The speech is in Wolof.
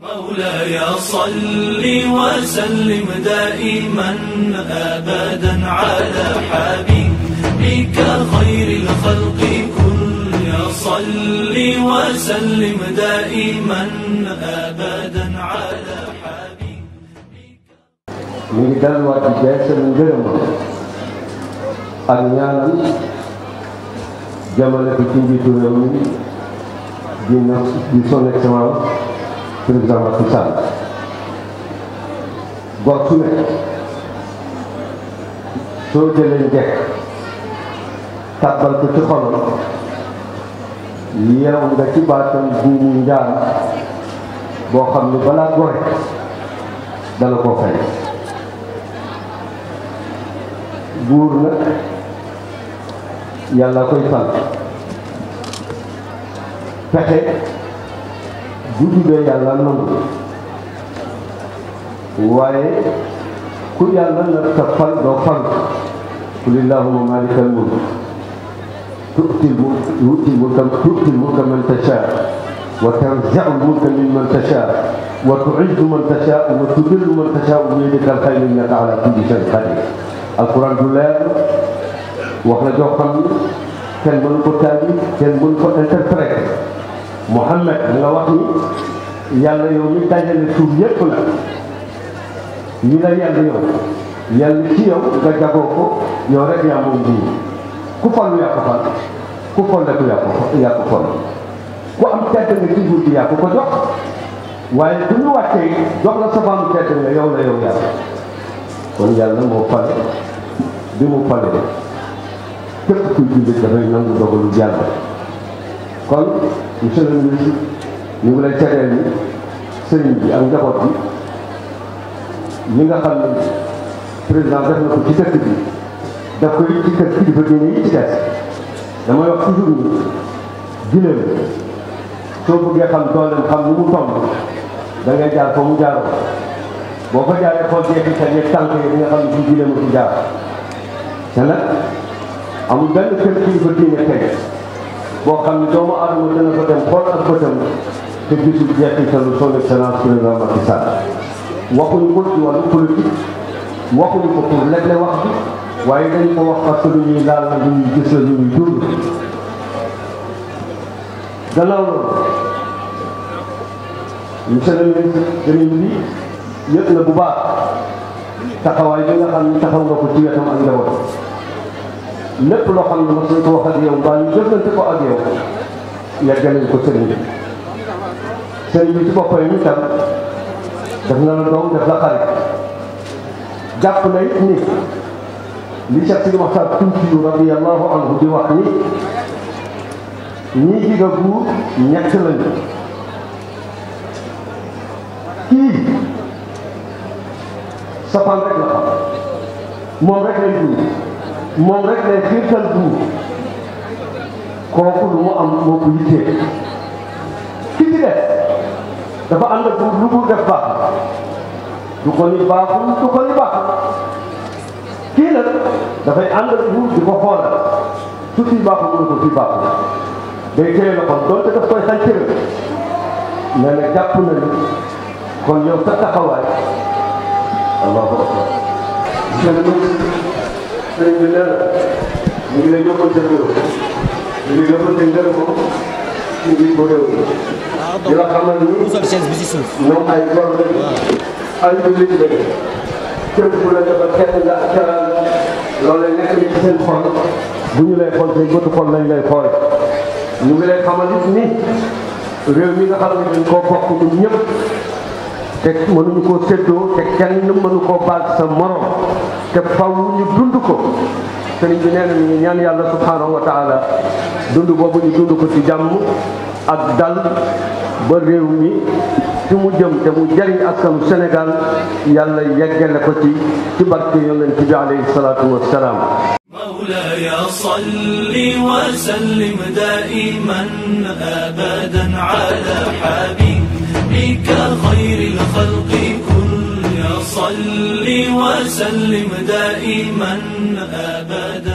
مولاي صل وسلم دائما ابدا على حبيبك خير الخلق يا صل وسلم دائما ابدا على ميدان وادي جاسم جرم أنيان جمال بتيجي تلومي دي نفس دي سونك سماوات président Macky Sall gox su ne soo jëlee njëkk tàbbal ko ci xolam yeew nga ci baatam boo xam ne balaa gore dala ko fay buur nag koy fal pexe bu jubee yàlla nangu waaye ku yàlla nar ta fal doo fal qul illahumma malikal mulk tu'til mulka tu'til mulka tu'til mulka man tashaa wa tanzi'ul mulka mimman tashaa wa tu'izzu man tashaa wa tudillu man tashaa bi yadikal khayr innaka ala kulli shay'in qadir alquran du leer wax la joo xam kenn mënu ko taal kenn mënu ko interpréter Muhammad nga wax ni yàlla yow mi dajale tur yépp la yi la yàlla yow yàlla ci yow nga jagoo ko yow rek yaa moom bii ku fal yaa ko fal ku folleeku yaa ko yaa ko fol ku am tedd nga ci nguur gi yaa ko ko jox waaye bu ñu wàccee jox la safaanu tedd nga yow la yow yàlla kon yàlla moo fale bi mu fale képp kuy jullit dafay nangu dogalu yàlla kon monsieur le ministre ñu ngi lay seedeel ni sëriñ bi ak njaboot bi ñi nga xam ne président def na ko ci dëkk bi daf ko ci kër kilifa diine yi ci des damay wax toujours ni giléem soo bëggee xam dooleem xam ni mu tomb da ngay jaar fa mu jaaroo boo fa jaaree xool jeexital yeeg tànk yi nga xam ne ci giléem a ci jaar te nag amul benn kër boo am ne doomu aadama dana fa dem xool a bëtam te gisul jeexitalu son excellence a Macky Sall waxuñu ko ci wàllu politique waxuñu ko pour leble wax bi waaye dañu ko wax parce que lu ñuy laal la lu ñuy gis la lu ñuy dund gannaaw loolu monsieur le ministre dañuy lii yëpp na bu baax taxawaay bi nga xam ne lépp loo xam ne mos nañ ko wax ak yow mbaa ñu jëflante ko ak yow yàggalañ ko sëriñ bi sëriñ bi ci boppam ñu tam def na la doom def la xarit jàpp na it ni li Cheikh Sidi Moxtar Kuntiyu radiyallahu anhu di wax ni ñii jiga buur ñett lañu kii safaan rek la xam moom rek lay dund moom rek day xiirtal buur kooku lu mu am moo ko yittee def dafa ànd ak buur lu buur def baax du ko ni baaxul du ko ni baaxul kii nag dafay ànd ak buur di ko xoolal su fii baaxul mu ne ko fii baaxul day la kon doonte daf koy xañ cëral nee na jàpp na ni kon yow sa taxawaay allahu akbar sëriñ bi nee na ñu ngi lay yokkal sa ngërëm ñu ngi yokkal sa ngërëm moom ñu ngi ko réew di la xamal ni moom ay góor lañ ay jullit lañ képp ku la defal kenn nga teral loolu lay nekk ci seen xol bu ñu lay xool say bëtu xol lañ lay xool ñu ngi lay xamal it ni réew mi nga xam ne dañ koo bokk ñun ñëpp te mënuñu koo séddoo te kenn mënu koo baal sa morom te faw ñu dund ko sëriñ bi nee na mi ngi ñaan yàlla subhanahu wa taala dund boobu ñu dund ko ci jàmm ak dal ba réew mi fi mu jëm te mu jëriñ askan sénégal yàlla yeggale ko ci ci barke yonente bi alayhi salatu wassalaam مولاي وسلم دائما أبدا